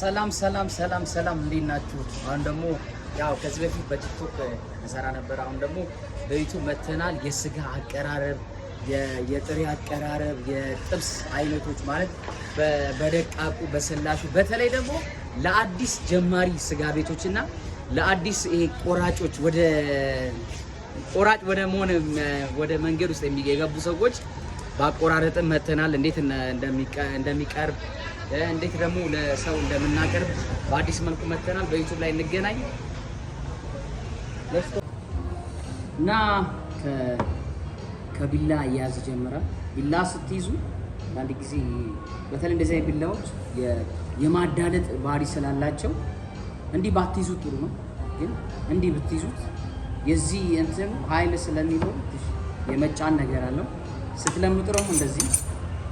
ሰላም ሰላም ሰላም ሰላም፣ እንዴት ናችሁ? አሁን ደግሞ ያው ከዚህ በፊት በቲክቶክ እንሰራ ነበር። አሁን ደግሞ በዩቱብ መተናል። የስጋ አቀራረብ፣ የጥሬ አቀራረብ፣ የጥብስ አይነቶች ማለት በደቃቁ በሰላሹ፣ በተለይ ደግሞ ለአዲስ ጀማሪ ስጋ ቤቶች እና ለአዲስ ቆራጮች ወደ ቆራጭ ወደ መሆን ወደ መንገድ ውስጥ የሚገቡ ሰዎች በአቆራረጥን መተናል እንዴት እንደሚቀርብ እንዴት ደግሞ ለሰው እንደምናቀርብ በአዲስ መልኩ መተናል በዩቱብ ላይ እንገናኝ እና ከቢላ እያያዝ ይጀምራል። ቢላ ስትይዙ አንድ ጊዜ በተለይ እንደዚህ አይነት ቢላዎች የማዳለጥ ባህሪ ስላላቸው እንዲህ ባትይዙት ጥሩ ነው። ግን እንዲህ ብትይዙት የዚህ እንትኑ ኃይል ስለሚሆን የመጫን ነገር አለው። ስትለምጥረው እንደዚህ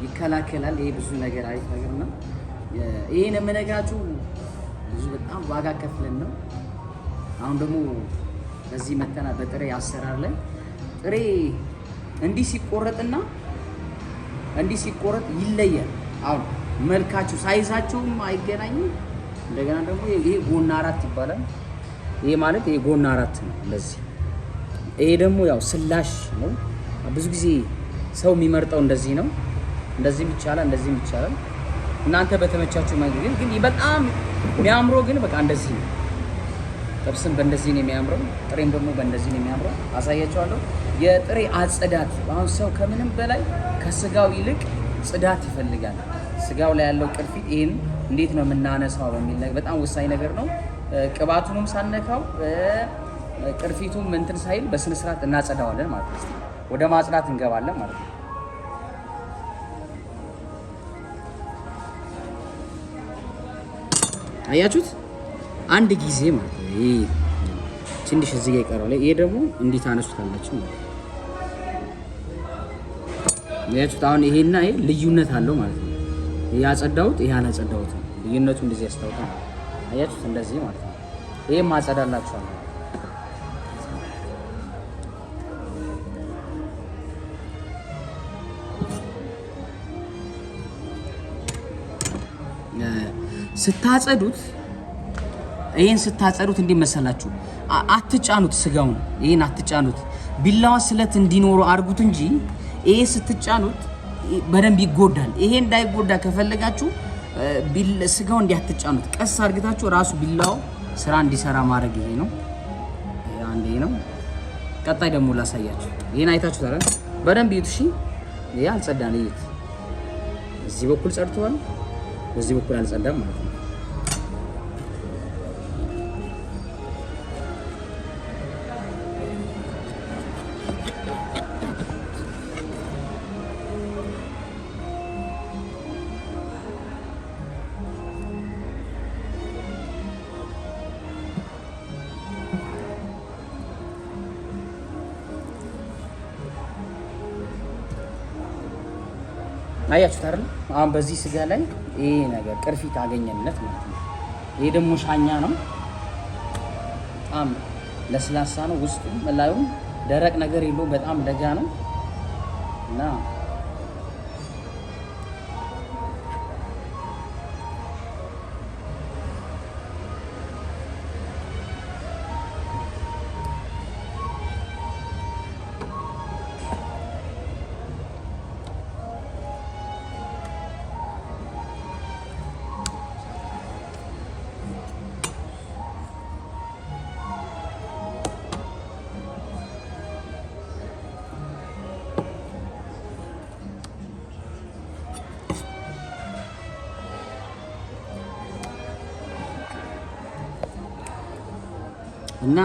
ይከላከላል። ይሄ ብዙ ነገር አሪፍ ነገር ነው። ይሄን የምነግራችሁ ብዙ በጣም ዋጋ ከፍለን ነው። አሁን ደግሞ በዚህ መተና በጥሬ አሰራር ላይ ጥሬ እንዲህ ሲቆረጥና እንዲህ ሲቆረጥ ይለያል። አሁን መልካቸው ሳይዛቸውም አይገናኝም። እንደገና ደግሞ ይሄ ጎና አራት ይባላል። ይሄ ማለት ይሄ ጎና አራት ነው እንደዚህ። ይሄ ደግሞ ያው ስላሽ ነው። ብዙ ጊዜ ሰው የሚመርጠው እንደዚህ ነው። እንደዚህም ይቻላል፣ እንደዚህም ይቻላል። እናንተ በተመቻችሁ መንገድ ግን በጣም የሚያምረው ግን በቃ እንደዚህ ነው። ጥብስም በእንደዚህ ነው የሚያምረው፣ ጥሬም ደግሞ በእንደዚህ ነው የሚያምረው። አሳያቸዋለሁ። የጥሬ አጽዳት አሁን ሰው ከምንም በላይ ከስጋው ይልቅ ጽዳት ይፈልጋል። ስጋው ላይ ያለው ቅርፊት ይህን እንዴት ነው የምናነሳው በሚል በጣም ወሳኝ ነገር ነው። ቅባቱንም ሳነካው ቅርፊቱም እንትን ሳይል በስነስርዓት እናጸዳዋለን ማለት ነው። ወደ ማጽዳት እንገባለን ማለት ነው። አያችሁት? አንድ ጊዜ ማለት ነው። ይሄ ትንሽ እዚህ ጋር ይቀራል። ይሄ ደግሞ እንዲህ ታነሱታላችሁ ማለት ነው። አያችሁት? አሁን ይሄና ይሄ ልዩነት አለው ማለት ነው። ይሄ አጸዳሁት፣ ይሄ አላጸዳሁት። ልዩነቱ እንደዚህ ያስታውቃል። አያችሁት? እንደዚህ ማለት ነው። ይሄ ማጸዳላችኋል። Yeah. ስታጸዱት ይህን ስታጸዱት እንዴት መሰላችሁ? አትጫኑት፣ ስጋውን ይህን አትጫኑት። ቢላዋ ስለት እንዲኖሩ አድርጉት እንጂ ይህ ስትጫኑት በደንብ ይጎዳል። ይሄ እንዳይጎዳ ከፈለጋችሁ ስጋው አትጫኑት፣ ቀስ አድርግታችሁ ራሱ ቢላው ስራ እንዲሰራ ማድረግ ይሄ ነው። ይሄ ነው። ቀጣይ ደግሞ ላሳያችሁ። ይህን አይታችሁ ታዲያ በደንብ ይዩት። እሺ፣ ይሄ አልጸዳን። እዩት። እዚህ በኩል ጸድተዋል። በዚህ በኩል አልጸዳም ማለት ነው። አያችሁት አይደል? አሁን በዚህ ስጋ ላይ ይሄ ነገር ቅርፊት አገኘለት ማለት ነው። ይሄ ደግሞ ሻኛ ነው። በጣም ለስላሳ ነው። ውስጡ ላዩም ደረቅ ነገር የለውም በጣም ደጋ ነው እና እና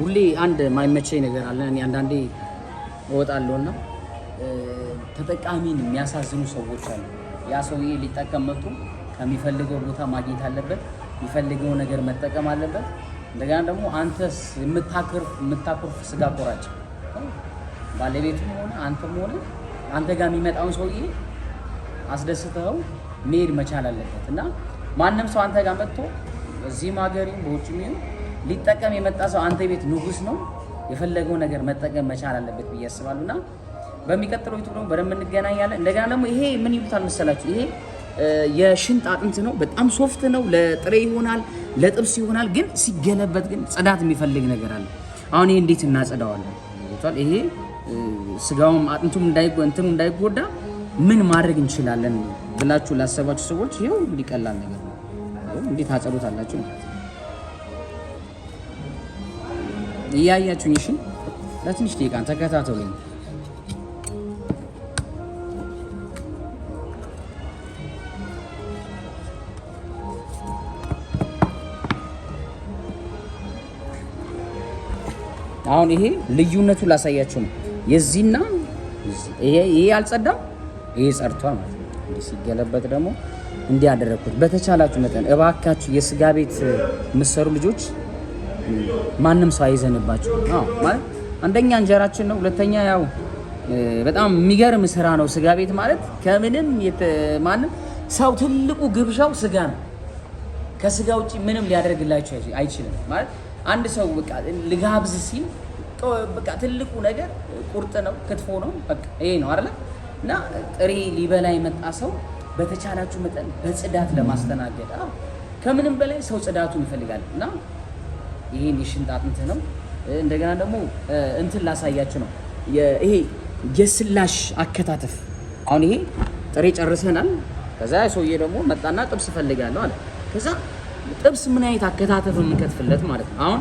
ሁሌ አንድ ማይመቸኝ ነገር አለ። እኔ አንዳንዴ እወጣለሁ እና ተጠቃሚን የሚያሳዝኑ ሰዎች አሉ። ያ ሰውዬ ሊጠቀም መጥቶ ከሚፈልገው ቦታ ማግኘት አለበት፣ የሚፈልገው ነገር መጠቀም አለበት። እንደገና ደግሞ አንተስ የምታኮርፍ ስጋ ቆራጭ ባለቤቱም ሆነ አንተም ሆነ አንተ ጋር የሚመጣውን ሰውዬ አስደስተው መሄድ መቻል አለበት እና ማንም ሰው አንተ ጋር መጥቶ እዚህም ሀገር በውጭ ሊጠቀም የመጣ ሰው አንተ ቤት ንጉስ ነው፣ የፈለገው ነገር መጠቀም መቻል አለበት ብዬ አስባለሁ። እና በሚቀጥለው ዩቱብ ደግሞ በደንብ እንገናኛለን። እንደገና ደግሞ ይሄ ምን ይሉታል መሰላችሁ? ይሄ የሽንጥ አጥንት ነው። በጣም ሶፍት ነው። ለጥሬ ይሆናል፣ ለጥብስ ይሆናል። ግን ሲገለበት ግን ጽዳት የሚፈልግ ነገር አለ። አሁን ይሄ እንዴት እናጸዳዋለን? ይሄ ስጋውም አጥንቱም እንትኑ እንዳይጎዳ ምን ማድረግ እንችላለን ብላችሁ ላሰባችሁ ሰዎች ይኸው እንዲቀላል ነገር ነው። እንዴት አጸሎት አላችሁ? እያያችሁኝ እሺ፣ ለትንሽ ደቂቃን ተከታተሉኝ። አሁን ይሄ ልዩነቱ ላሳያችሁ ነው። የዚህና ይሄ አልጸዳም፣ ይሄ ጸድቷ ማለት ነው። ሲገለበት ደግሞ እንዲያደረኩት በተቻላችሁ መጠን እባካችሁ የስጋ ቤት የምትሰሩ ልጆች ማንም ሰው አይዘንባችሁ። ማለት አንደኛ እንጀራችን ነው፣ ሁለተኛ ያው በጣም የሚገርም ስራ ነው። ስጋ ቤት ማለት ከምንም ማንም ሰው ትልቁ ግብዣው ስጋ ነው። ከስጋ ውጭ ምንም ሊያደርግላችሁ አይችልም። ማለት አንድ ሰው በቃ ልጋብዝ ሲል በቃ ትልቁ ነገር ቁርጥ ነው፣ ክትፎ ነው፣ በቃ ይሄ ነው አይደለ? እና ጥሬ ሊበላ የመጣ ሰው በተቻላችሁ መጠን በጽዳት ለማስተናገድ ከምንም በላይ ሰው ጽዳቱን ይፈልጋል እና ይሄን የሽንጣት እንትን ነው። እንደገና ደግሞ እንትን ላሳያችሁ ነው። ይሄ የስላሽ አከታተፍ አሁን ይሄ ጥሬ ጨርሰናል። ከዛ ሰውዬ ደግሞ መጣና ጥብስ እፈልጋለሁ አለ። ከዛ ጥብስ ምን አይነት አከታተፍ የምንከትፍለት ማለት ነው። አሁን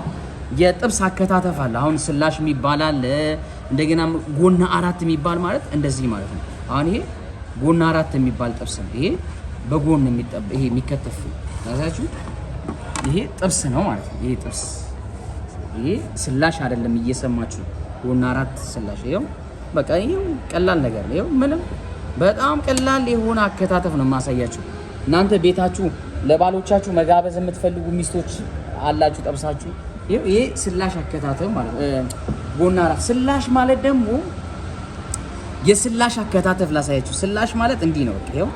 የጥብስ አከታተፍ አለ። አሁን ስላሽ የሚባል አለ። እንደገና ጎና አራት የሚባል ማለት እንደዚህ ማለት ነው። አሁን ይሄ ጎን አራት የሚባል ጥብስ ነው። ይሄ በጎን የሚጠብ ይሄ የሚከተፍ ታዛችሁ ይሄ ጥብስ ነው ማለት ነው። ይሄ ጥብስ ይሄ ስላሽ አይደለም፣ እየሰማችሁ ጎን አራት ስላሽ። ይሄው በቃ ይሄው ቀላል ነገር ነው። ይሄው ምንም በጣም ቀላል የሆነ አከታተፍ ነው የማሳያችሁ። እናንተ ቤታችሁ ለባሎቻችሁ መጋበዝ የምትፈልጉ ሚስቶች አላችሁ ጠብሳችሁ፣ ይሄ ስላሽ አከታተፍ ማለት ጎና አራት ስላሽ ማለት ደግሞ የስላሽ አከታተፍ ላሳያችሁ። ስላሽ ማለት እንዲህ ነው። ይኸው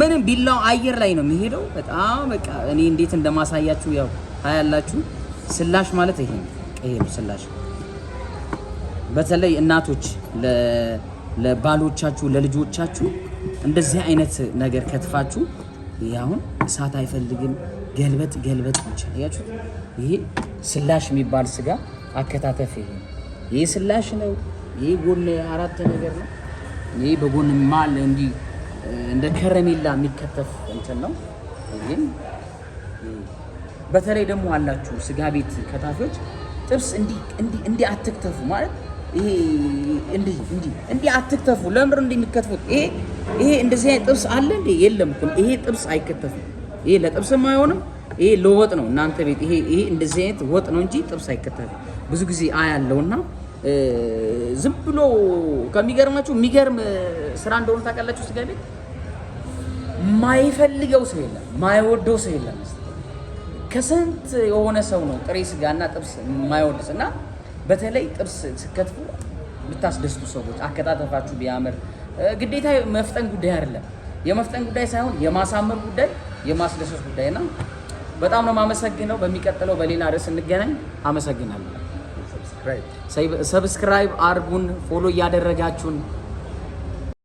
ምንም ቢላው አየር ላይ ነው የሚሄደው። በጣም በቃ እኔ እንዴት እንደማሳያችሁ ያው ታያላችሁ። ስላሽ ማለት ይሄ ነው። ይሄ ነው ስላሽ። በተለይ እናቶች ለባሎቻችሁ፣ ለልጆቻችሁ እንደዚህ አይነት ነገር ከትፋችሁ ይሄ አሁን እሳት አይፈልግም። ገልበጥ ገልበጥ ብቻ ያችሁ። ይሄ ስላሽ የሚባል ስጋ አከታተፍ ይሄ ነው። ይሄ ስላሽ ነው። ይሄ ጎን አራት ነገር ነው። ይህ በጎን ማል እንዲ እንደ ከረሜላ የሚከተፍ እንትን ነው። ይህም በተለይ ደግሞ አላችሁ ስጋ ቤት ከታፊዎች ጥብስ እንዲህ አትክተፉ ማለት ይሄ እንዲህ እንዲህ እንዲህ አትክተፉ። ለምር እንዲህ የሚከትፉት ይሄ ይሄ እንደዚህ አይነት ጥብስ አለ እንዴ? የለም እኮ ይሄ ጥብስ አይከተፍም። ይሄ ለጥብስም አይሆንም። ይሄ ለወጥ ነው። እናንተ ቤት ይሄ ይሄ እንደዚህ አይነት ወጥ ነው እንጂ ጥብስ አይከተፍም። ብዙ ጊዜ አያለውና ዝም ብሎ ከሚገርማችሁ የሚገርም ስራ እንደሆነ ታውቃላችሁ። ስጋ ቤት ማይፈልገው ሰው የለም፣ ማይወደው ሰው የለም። ከስንት የሆነ ሰው ነው ጥሬ ስጋና ጥብስ ማይወድስ እና በተለይ ጥብስ ስከትፉ ብታስደስቱ ሰዎች አከታተፋችሁ ቢያምር። ግዴታ መፍጠን ጉዳይ አይደለም፣ የመፍጠን ጉዳይ ሳይሆን የማሳመር ጉዳይ፣ የማስደሰት ጉዳይ ነው። በጣም ነው የማመሰግነው። በሚቀጥለው በሌላ ርዕስ እንገናኝ። አመሰግናለሁ። ሰብስክራይብ አርጉን፣ ፎሎ እያደረጋችሁን